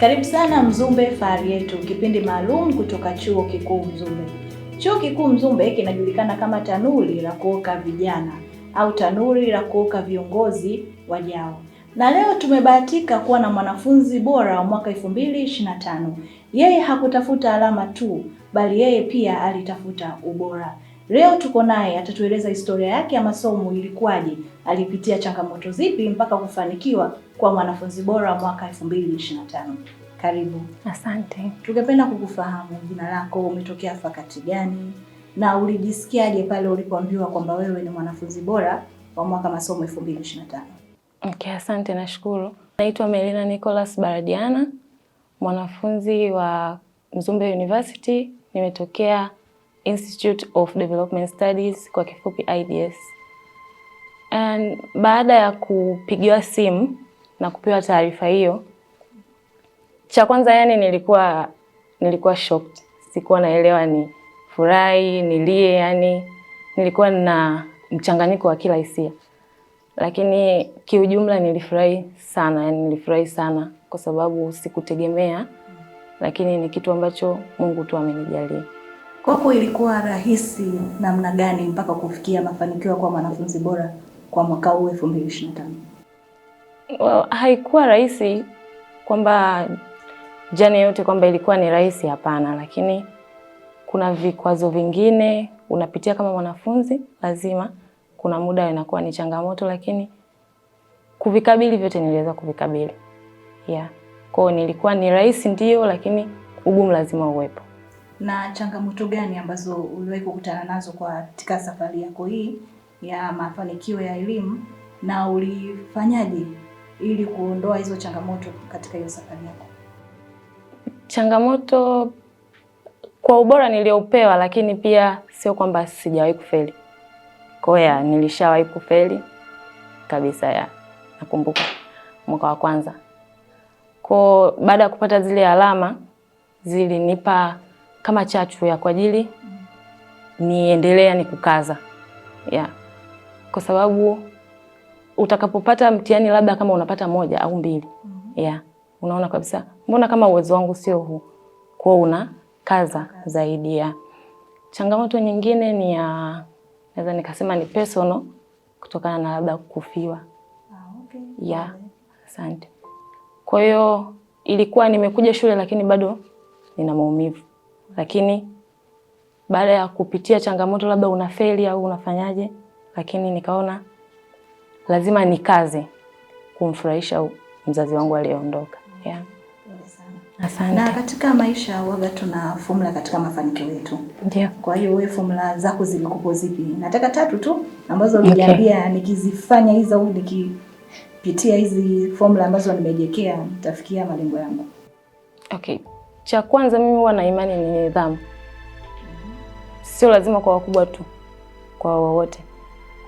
Karibu sana Mzumbe Fahari Yetu, kipindi maalum kutoka Chuo Kikuu Mzumbe. Chuo Kikuu Mzumbe kinajulikana kama tanuri la kuoka vijana au tanuri la kuoka viongozi wajao, na leo tumebahatika kuwa na mwanafunzi bora wa mwaka 2025. Yeye hakutafuta alama tu, bali yeye pia alitafuta ubora. Leo tuko naye, atatueleza historia yake ya masomo ilikuwaje, alipitia changamoto zipi mpaka kufanikiwa kwa mwanafunzi bora mwaka 2025. Karibu. Asante. Tungependa kukufahamu jina lako, umetokea fakati gani na ulijisikiaje pale ulipoambiwa kwamba wewe ni mwanafunzi bora wa mwaka masomo 2025? Okay, asante, nashukuru. Naitwa Melina Nicholas Baradiana, mwanafunzi wa Mzumbe University, nimetokea Institute of Development Studies kwa kifupi IDS. And baada ya kupigiwa simu na kupewa taarifa hiyo, cha kwanza yani nilikuwa nilikuwa shocked, sikuwa naelewa ni furahi nilie, yani nilikuwa na mchanganyiko wa kila hisia, lakini kiujumla nilifurahi sana, yani nilifurahi sana kwa sababu sikutegemea, lakini ni kitu ambacho Mungu tu amenijalia. Kwako ilikuwa rahisi namna gani mpaka kufikia mafanikio kwa mwanafunzi bora kwa mwaka huu 2025? well, haikuwa rahisi kwamba jani yote kwamba ilikuwa ni rahisi, hapana, lakini kuna vikwazo vingine unapitia kama mwanafunzi, lazima kuna muda inakuwa ni changamoto, lakini kuvikabili vyote niliweza kuvikabili. Yeah. Kwao nilikuwa ni rahisi ndio, lakini ugumu lazima uwepo. Na changamoto gani ambazo uliwahi kukutana nazo katika safari yako hii ya mafanikio ya elimu na ulifanyaje ili kuondoa hizo changamoto katika hiyo safari yako? Changamoto kwa ubora niliopewa, lakini pia sio kwamba sijawahi kufeli. Kwa hiyo nilishawahi kufeli kabisa, ya nakumbuka mwaka wa kwanza kwa baada ya kupata zile alama zilinipa kama chachu ya kwa ajili mm. niendelea nikukaza, ya kwa sababu utakapopata mtihani labda kama unapata moja au mbili mm -hmm. yeah. unaona kabisa mbona kama uwezo wangu sio huu, kwa una kaza okay. zaidi ya changamoto nyingine ni ya naweza nikasema ni personal kutokana na labda kufiwa. ah, okay. Asante. Kwa hiyo ilikuwa nimekuja shule lakini bado nina maumivu, lakini baada ya kupitia changamoto labda unafeli au unafanyaje, lakini nikaona lazima ni kazi kumfurahisha mzazi wangu aliyeondoka. Yeah. Asante. Na katika maisha waga tuna fomula katika mafanikio yetu. Ndio. Kwa hiyo wewe fomula zako zilikuwa zipi? Nataka tatu tu ambazo niliambia okay. Nikizifanya hizo au nikipitia hizi fomula ambazo nimejekea nitafikia malengo yangu. Okay. Cha kwanza mimi huwa na imani ni nidhamu. Sio lazima kwa wakubwa tu, kwa wowote.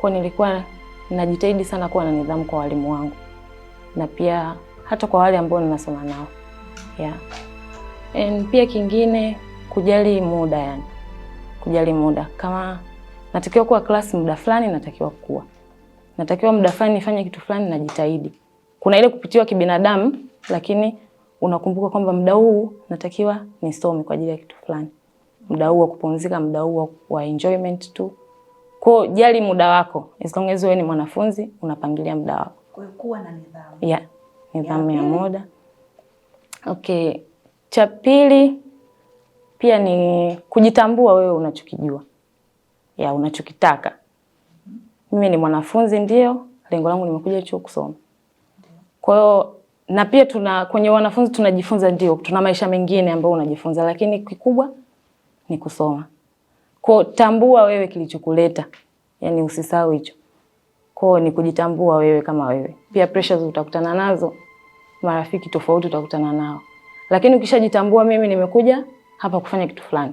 Kwa nilikuwa Najitahidi sana kuwa na nidhamu kwa walimu wangu na pia hata kwa wale ambao ninasoma nao yeah. And pia kingine kujali muda, yani kujali muda. Kama natakiwa kuwa klasi muda fulani, natakiwa kuwa, natakiwa muda fulani nifanye kitu fulani, najitahidi. Kuna ile kupitiwa kibinadamu, lakini unakumbuka kwamba muda huu natakiwa nisome kwa ajili ya kitu fulani, muda huu wa kupumzika, muda huu wa enjoyment tu kwa jali muda wako, as long as wewe ni mwanafunzi unapangilia muda wako. Kwa hiyo kuwa na nidhamu. Yeah, nidhamu ya muda. Okay, cha pili pia ni kujitambua wewe unachokijua, ya unachokitaka. mm -hmm. Mimi ni mwanafunzi ndio, lengo langu nimekuja chuo kusoma. Kwa hiyo na pia tuna kwenye wanafunzi tunajifunza, ndio tuna maisha mengine ambayo unajifunza, lakini kikubwa ni kusoma. Kwa tambua wewe kilichokuleta, Yaani usisahau hicho. Kwa ni kujitambua wewe kama wewe. Pia pressures utakutana nazo, marafiki tofauti utakutana nao, lakini ukishajitambua, mimi nimekuja hapa kufanya kitu fulani,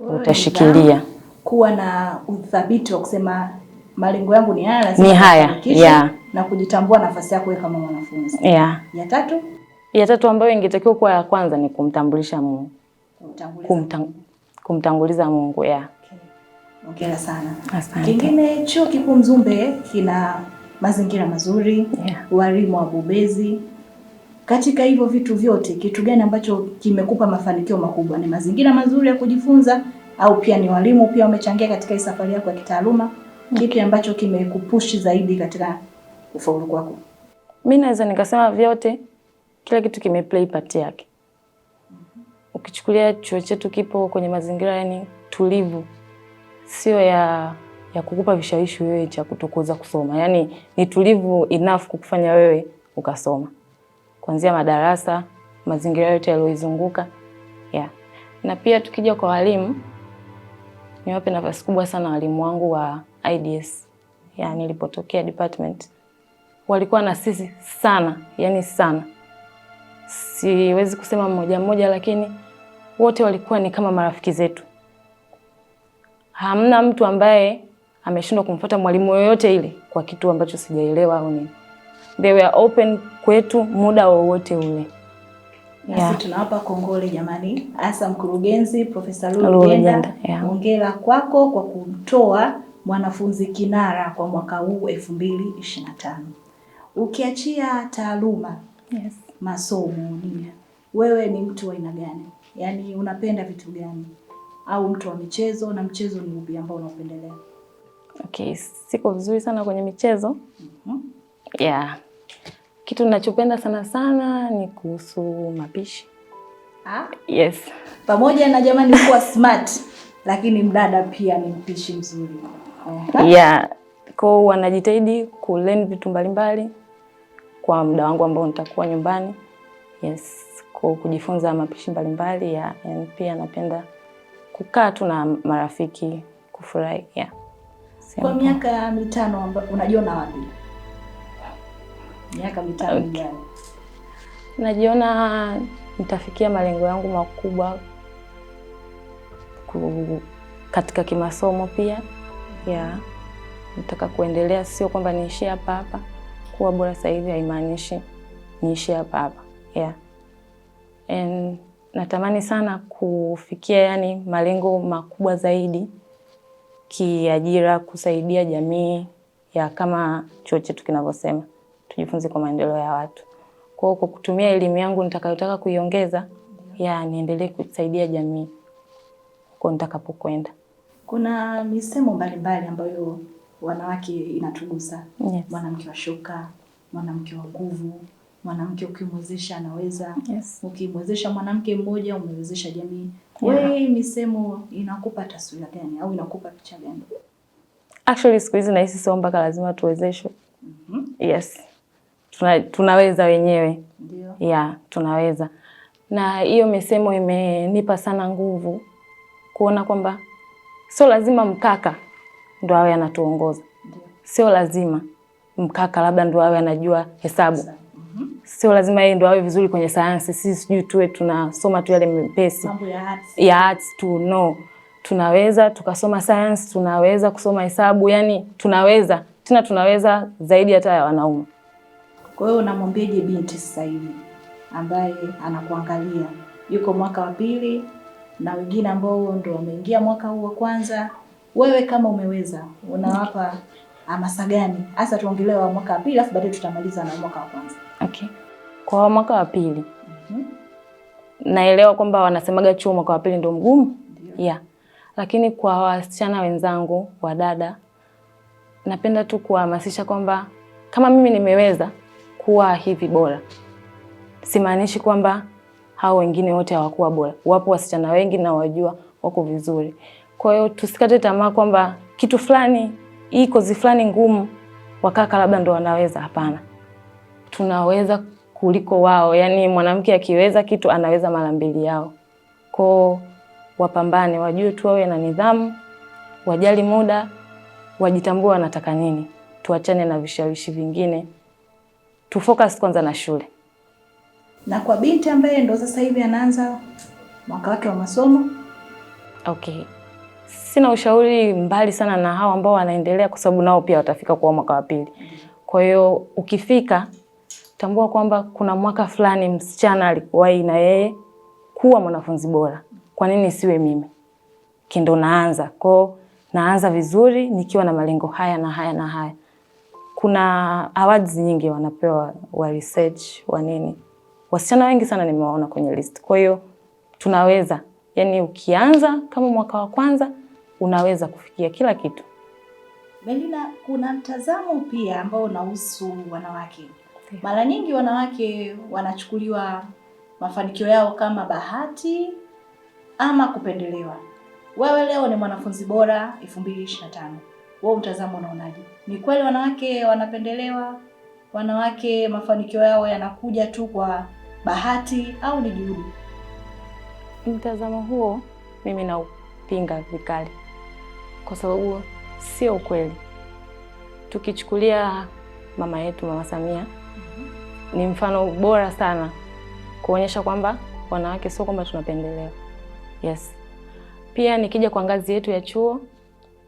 utashikilia kuwa na uthabiti wa kusema malengo yangu ni haya, lazima ni haya yeah. Na kujitambua nafasi yako wewe kama mwanafunzi yeah. Ya tatu, ya tatu ambayo ingetakiwa kuwa ya kwanza ni kumtambulisha Mungu, kumtambulisha Kumtang kumtanguliza Mungu ya. okay. okay. sana. Asante. Kingine chuo kikuu Mzumbe kina mazingira mazuri yeah. walimu wabobezi. Katika hivyo vitu vyote, kitu gani ambacho kimekupa mafanikio makubwa? Ni mazingira mazuri ya kujifunza au pia ni walimu pia wamechangia katika hii safari yako ya kitaaluma? Mm. Kipi ambacho kimekupushi zaidi katika ufaulu kwako? Mimi naweza nikasema vyote, kila kitu kimeplay part yake ukichukulia chuo chetu kipo kwenye mazingira yani tulivu, sio ya ya kukupa vishawishi wewe cha kutokuweza kusoma, yani ni tulivu enough kukufanya wewe ukasoma, kuanzia madarasa, mazingira yote yaliyoizunguka yeah. Na pia tukija kwa walimu, niwape nafasi kubwa sana walimu wangu wa IDS, yani nilipotokea department walikuwa na sisi sana, yani sana, siwezi kusema mmoja mmoja, lakini wote walikuwa ni kama marafiki zetu. Hamna mtu ambaye ameshindwa kumfuata mwalimu yoyote ile kwa kitu ambacho sijaelewa au nini. They were open kwetu muda wowote ule. Yeah. tunawapa kongole jamani, hasa mkurugenzi Profesa Lugenda, hongera yeah, kwako kwa kumtoa mwanafunzi kinara kwa mwaka huu elfu mbili ishirini na tano. Ukiachia taaluma yes, masomo nini, wewe ni mtu wa aina gani? yani unapenda vitu gani, au mtu wa michezo na mchezo ni upi ambao unapendelea? Okay, siko vizuri sana kwenye michezo mm -hmm. yeah. Kitu ninachopenda sana sana ni kuhusu mapishi ha? Ah? Yes, pamoja na jamani kuwa smart lakini mdada pia ni mpishi mzuri yeah. hiyo wanajitahidi kulen vitu mbalimbali kwa muda wangu ambao nitakuwa nyumbani. Yes, kujifunza mapishi mbalimbali ya pia napenda kukaa tu na marafiki kufurahi. Yeah. Kwa miaka mitano unajiona wapi? Miaka mitano okay. najiona nitafikia malengo yangu makubwa katika kimasomo pia yeah. Nataka kuendelea, sio kwamba niishie hapa hapa. Kuwa bora sasa hivi haimaanishi niishie hapa hapa yeah and natamani sana kufikia yani malengo makubwa zaidi kiajira, kusaidia jamii ya kama chuo chetu kinavyosema tujifunze kwa maendeleo ya watu. Kwa hiyo kwa kutumia elimu yangu nitakayotaka kuiongeza, ya niendelee kusaidia jamii huko nitakapokwenda. Kuna misemo mbalimbali ambayo wanawake inatugusa yes. Mwanamke wa shoka, mwanamke wa nguvu, mwanamke ukimwezesha anaweza yes. Ukimwezesha mwanamke mmoja umewezesha jamii yeah. Wewe misemo inakupa taswira gani au inakupa picha gani? Actually siku hizi nahisi sio mpaka lazima tuwezeshwe. mm -hmm. Yes, tuna, tunaweza wenyewe ndio. Yeah, tunaweza na hiyo misemo imenipa sana nguvu kuona kwamba sio lazima mkaka ndo awe anatuongoza, sio lazima mkaka labda ndo awe anajua hesabu Saan sio lazima yeye ndo awe vizuri kwenye sayansi, sisi sijui tuwe tunasoma tu yale mepesi ya arts tu, no, tunaweza tukasoma sayansi, tunaweza kusoma hesabu, yani tunaweza tena, tunaweza zaidi hata ya wanaume. Kwa hiyo unamwambiaje binti sasa hivi ambaye anakuangalia yuko mwaka wa pili na wengine ambao ndo wameingia mwaka huu wa kwanza, wewe kama umeweza unawapa hamasa gani hasa? Tuongelee wa mwaka wa pili, alafu baadaye tutamaliza na mwaka wa kwanza. Okay, kwa wa mwaka wa pili mm -hmm. naelewa kwamba wanasemaga chuo mwaka wa pili ndio mgumu yeah. Lakini kwa wasichana wenzangu wa dada, napenda tu kuwahamasisha kwamba kama mimi nimeweza kuwa hivi bora, simaanishi kwamba hao wengine wote hawakuwa bora. Wapo wasichana wengi na wajua wako vizuri, kwa hiyo tusikate tamaa kwamba kitu fulani hii kozi fulani ngumu, wakaka labda ndo wanaweza. Hapana, tunaweza kuliko wao. Yaani mwanamke akiweza kitu anaweza mara mbili yao. Koo wapambane, wajue tu wawe na nidhamu, wajali muda, wajitambue wanataka nini. Tuachane na vishawishi vingine, tufocus kwanza na shule. Na kwa binti ambaye ndo sasa hivi anaanza mwaka wake wa masomo, okay sina ushauri mbali sana na hao ambao wanaendelea, kwa sababu nao pia watafika kwa mwaka wa pili. Kwa hiyo ukifika, tambua kwamba kuna mwaka fulani msichana alikuwahi na yeye kuwa mwanafunzi bora. Kwa nini siwe mimi? Kindo naanza kwao, naanza vizuri nikiwa na malengo haya na haya na haya. Kuna awards nyingi wanapewa wa research wa nini, wasichana wengi sana nimewaona kwenye list. Kwa hiyo tunaweza Yaani ukianza kama mwaka wa kwanza unaweza kufikia kila kitu. Melina, kuna mtazamo pia ambao unahusu wanawake. Mara nyingi wanawake wanachukuliwa mafanikio yao kama bahati ama kupendelewa. Wewe leo ni mwanafunzi bora 2025. Wewe mtazamo unaonaje? Ni kweli wanawake wanapendelewa? Wanawake mafanikio yao yanakuja tu kwa bahati au ni juhudi? Mtazamo huo mimi naupinga vikali, kwa sababu sio ukweli. Tukichukulia mama yetu Mama Samia ni mfano bora sana kuonyesha kwamba wanawake sio kwamba tunapendelewa. Yes, pia nikija kwa ngazi yetu ya chuo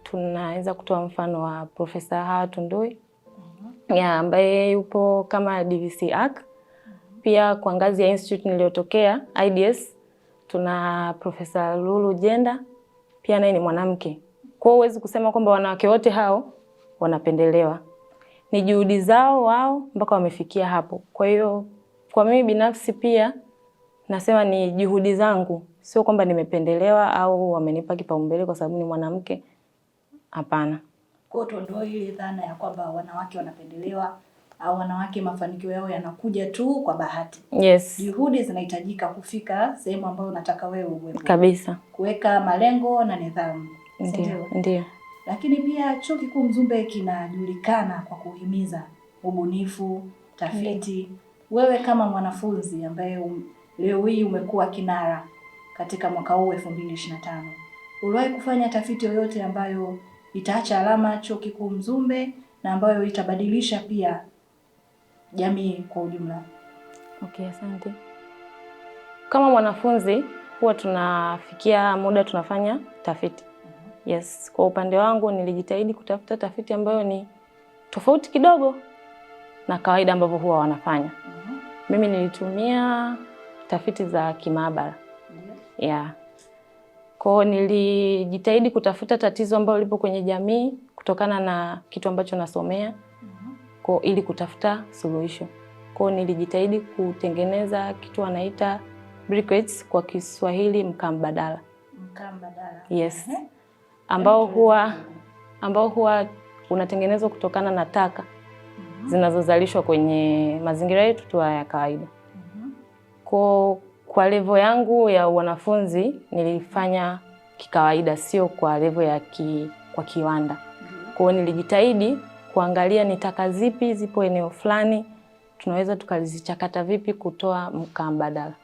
tunaweza kutoa mfano wa Profesa Hawa Tundui mhm. ambaye yupo kama DVC AK. Mhm. Pia kwa ngazi ya institute niliyotokea IDS tuna Profesa Lulu Jenda pia naye ni mwanamke. Kwa hiyo huwezi kusema kwamba wanawake wote hao wanapendelewa, ni juhudi zao wao mpaka wamefikia hapo. Kwa hiyo kwa mimi binafsi pia nasema ni juhudi zangu, sio kwamba nimependelewa au wamenipa kipaumbele kwa sababu ni mwanamke. Hapana. Kwa tuondoe ile dhana ya kwamba wanawake wanapendelewa au wanawake mafanikio yao yanakuja tu kwa bahati. Yes. Juhudi zinahitajika kufika sehemu ambayo unataka wewe uwe. Kabisa. Kuweka malengo na nidhamu. Ndio. Ndio. Lakini pia Chuo Kikuu Mzumbe kinajulikana kwa kuhimiza ubunifu, tafiti. Wewe kama mwanafunzi ambaye um, leo hii umekuwa kinara katika mwaka huu 2025. Uliwahi kufanya tafiti yoyote ambayo itaacha alama Chuo Kikuu Mzumbe na ambayo itabadilisha pia jamii kwa ujumla. Okay, asante. Kama mwanafunzi huwa tunafikia muda tunafanya tafiti. Mm-hmm. Yes, kwa upande wangu nilijitahidi kutafuta tafiti ambayo ni tofauti kidogo na kawaida ambavyo huwa wanafanya. Mm-hmm. Mimi nilitumia tafiti za kimaabara. Mm-hmm. Yeah. Kwa nilijitahidi kutafuta tatizo ambalo lipo kwenye jamii kutokana na kitu ambacho nasomea kwa, ili kutafuta suluhisho. Kwa hiyo nilijitahidi kutengeneza kitu wanaita briquettes kwa Kiswahili mkaa mbadala. Mkaa mbadala. Yes. ambao huwa ambao huwa unatengenezwa kutokana na taka mm -hmm. zinazozalishwa kwenye mazingira yetu tu ya kawaida mm -hmm. kwa kwa levo yangu ya wanafunzi nilifanya kikawaida, sio kwa levo ya ki, kwa kiwanda mm -hmm. kwa hiyo nilijitahidi kuangalia ni taka zipi zipo eneo fulani, tunaweza tukazichakata vipi kutoa mkaa mbadala.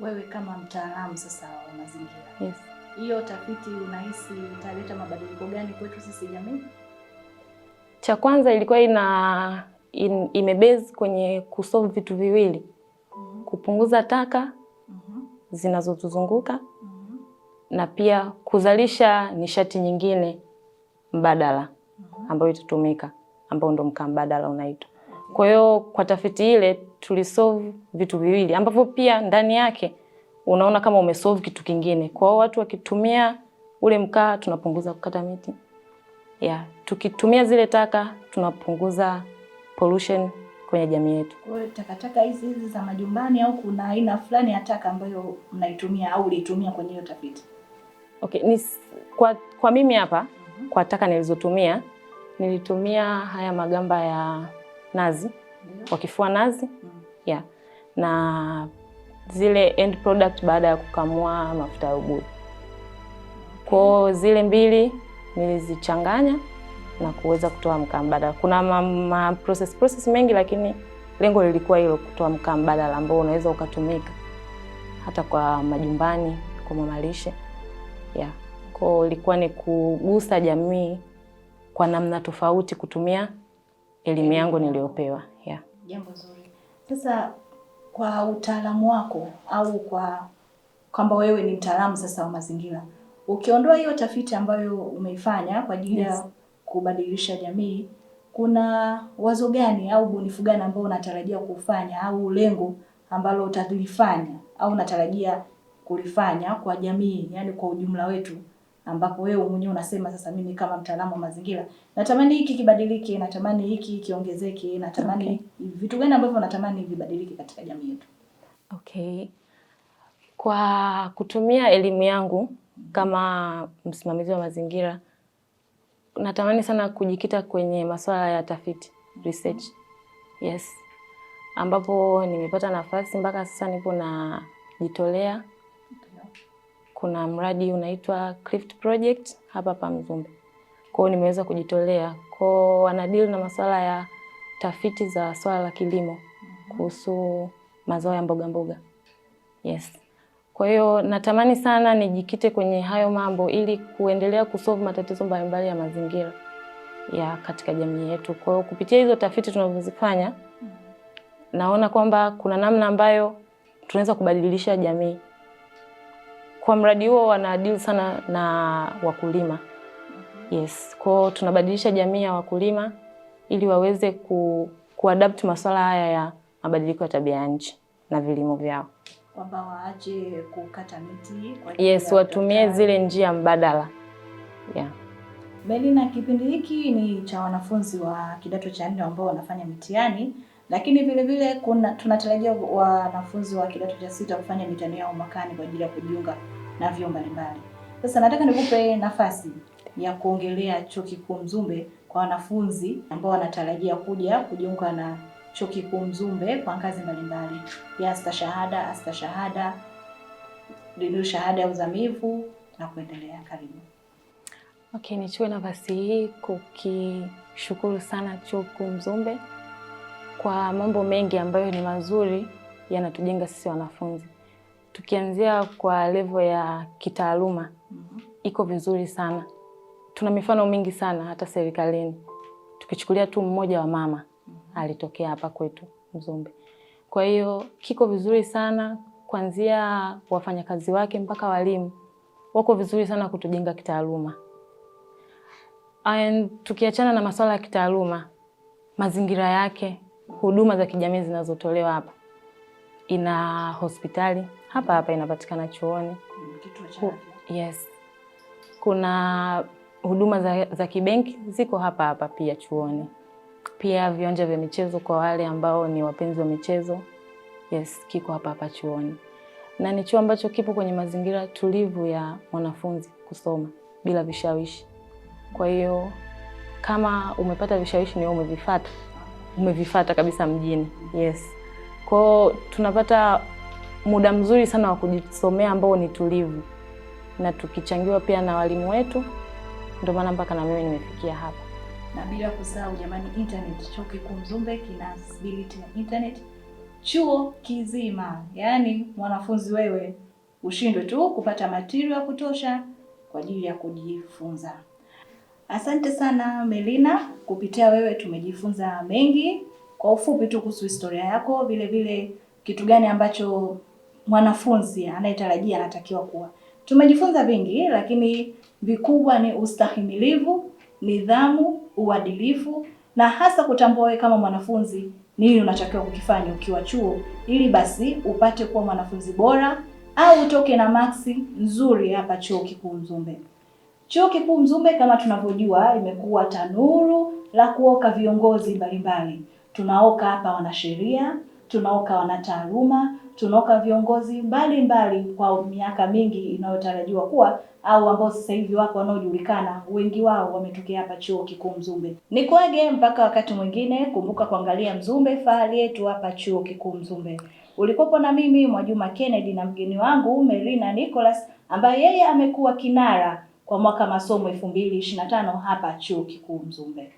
Wewe kama mtaalamu sasa wa mazingira, yes, hiyo tafiti unahisi italeta mabadiliko gani kwetu sisi jamii? Cha kwanza ilikuwa ina in, imebase kwenye kusolve vitu viwili mm -hmm. kupunguza taka mm -hmm. zinazotuzunguka mm -hmm. na pia kuzalisha nishati nyingine mbadala mm -hmm. ambayo itatumika ambao ndo mkaa mbadala unaitwa. Kwa hiyo kwa tafiti ile tulisolve vitu viwili ambavyo pia ndani yake unaona kama umesolve kitu kingine. Kwa hiyo watu wakitumia ule mkaa tunapunguza kukata miti. Yeah, tukitumia zile taka tunapunguza pollution kwenye jamii yetu. Kwa hiyo takataka hizi hizi za majumbani au kuna aina fulani ya taka ambayo mnaitumia au ulitumia kwenye hiyo tafiti? Okay, ni kwa, kwa mimi hapa mm -hmm. Kwa taka nilizotumia nilitumia haya magamba ya nazi, wakifua nazi mm. yeah, na zile end product baada ya kukamua mafuta ya ubuyu. Kwa zile mbili nilizichanganya na kuweza kutoa mkaa mbadala. Kuna ma, ma process, process mengi, lakini lengo lilikuwa hilo, kutoa mkaa mbadala ambao unaweza ukatumika hata kwa majumbani, kwa mamalishe yeah. Kwa ilikuwa ni kugusa jamii kwa namna tofauti kutumia elimu yangu niliyopewa. Yeah. Jambo zuri. Sasa kwa utaalamu wako au kwa kwamba wewe ni mtaalamu sasa wa mazingira, ukiondoa hiyo tafiti ambayo umeifanya kwa ajili ya yes, kubadilisha jamii, kuna wazo gani au bunifu gani ambao unatarajia kufanya au lengo ambalo utalifanya au unatarajia kulifanya kwa jamii, yani kwa ujumla wetu ambapo wewe mwenyewe unasema sasa, mimi kama mtaalamu wa mazingira natamani hiki kibadilike, natamani hiki kiongezeke, natamani okay. Vitu gani ambavyo natamani vibadilike katika jamii yetu? Okay, kwa kutumia elimu yangu kama msimamizi wa mazingira, natamani sana kujikita kwenye masuala ya tafiti research, yes, ambapo nimepata nafasi mpaka sasa nipo najitolea kuna mradi unaitwa Clift Project hapa pa Mzumbe. Kwa hiyo nimeweza kujitolea kwao, wanadeal na masuala ya tafiti za swala la kilimo kuhusu mazao ya mboga mboga. Yes. Kwa hiyo natamani sana nijikite kwenye hayo mambo ili kuendelea kusolve matatizo mbalimbali ya mazingira ya katika jamii yetu. Kwa hiyo kupitia hizo tafiti tunazozifanya, naona kwamba kuna namna ambayo tunaweza kubadilisha jamii. Kwa mradi huo wanaadili sana na wakulima yes. Kwao tunabadilisha jamii ya wakulima ili waweze ku, kuadapt masuala haya ya mabadiliko ya tabia ya nchi na vilimo vyao kwamba waache kukata miti kwa yes, watumie zile njia mbadala yeah. Belina, kipindi hiki ni cha wanafunzi wa kidato cha nne ambao wanafanya mitihani lakini vile vile kuna tunatarajia wanafunzi wa kidato cha sita kufanya mitihani yao mwakani kwa ajili ya kujiunga na vyuo mbalimbali. Sasa nataka nikupe nafasi ya kuongelea Chuo Kikuu Mzumbe kwa wanafunzi ambao wanatarajia kuja kujiunga na Chuo Kikuu Mzumbe kwa ngazi mbalimbali ya astashahada, dinu shahada ya uzamivu na kuendelea. Karibu. Okay, nichukue nafasi hii kukishukuru sana Chuo Kikuu Mzumbe kwa mambo mengi ambayo ni mazuri yanatujenga sisi wanafunzi. Tukianzia kwa levo ya kitaaluma mm-hmm. iko vizuri sana, tuna mifano mingi sana hata serikalini. Tukichukulia tu mmoja wa mama mm-hmm. alitokea hapa kwetu Mzumbe. Kwa hiyo kiko vizuri sana kuanzia wafanyakazi wake mpaka walimu wako vizuri sana kutujenga kitaaluma. And tukiachana na masuala ya kitaaluma, mazingira yake huduma za kijamii zinazotolewa hapa, ina hospitali hapa hapa inapatikana chuoni, yes. Kuna huduma za, za kibenki ziko hapa hapa pia chuoni, pia viwanja vya michezo kwa wale ambao ni wapenzi wa michezo, yes, kiko hapa hapa chuoni, na ni chuo ambacho kipo kwenye mazingira tulivu ya mwanafunzi kusoma bila vishawishi. Kwa hiyo kama umepata vishawishi, ni wewe umevifuata umevifata kabisa mjini. Yes, kwao tunapata muda mzuri sana wa kujisomea ambao ni tulivu, na tukichangiwa pia na walimu wetu, ndio maana mpaka na mimi nimefikia hapa. Na bila kusahau jamani, internet chuo kikuu Mzumbe kina accessibility na internet chuo kizima, yaani mwanafunzi wewe ushindwe tu kupata material ya kutosha kwa ajili ya kujifunza. Asante sana Melina, kupitia wewe tumejifunza mengi. Kwa ufupi tu kuhusu historia yako, vile vile kitu gani ambacho mwanafunzi anayetarajia anatakiwa kuwa. Tumejifunza vingi, lakini vikubwa ni ustahimilivu, nidhamu, uadilifu na hasa kutambua wewe kama mwanafunzi nini unatakiwa kukifanya ukiwa chuo, ili basi upate kuwa mwanafunzi bora au utoke na maksi nzuri hapa chuo kikuu Mzumbe. Chuo Kikuu Mzumbe kama tunavyojua, imekuwa tanuru la kuoka viongozi mbalimbali. Tunaoka hapa wanasheria, tunaoka wanataaluma, tunaoka viongozi mbalimbali kwa miaka mingi inayotarajiwa kuwa au ambao sasa hivi wako wanaojulikana, wengi wao wametokea hapa Chuo Kikuu Mzumbe. Nikwage mpaka wakati mwingine, kumbuka kuangalia Mzumbe fahari yetu hapa Chuo Kikuu Mzumbe. Ulikopo na mimi Mwajuma Kennedy na mgeni wangu Merina Nicholas ambaye yeye amekuwa kinara kwa mwaka masomo 2025 hapa Chuo Kikuu Mzumbe.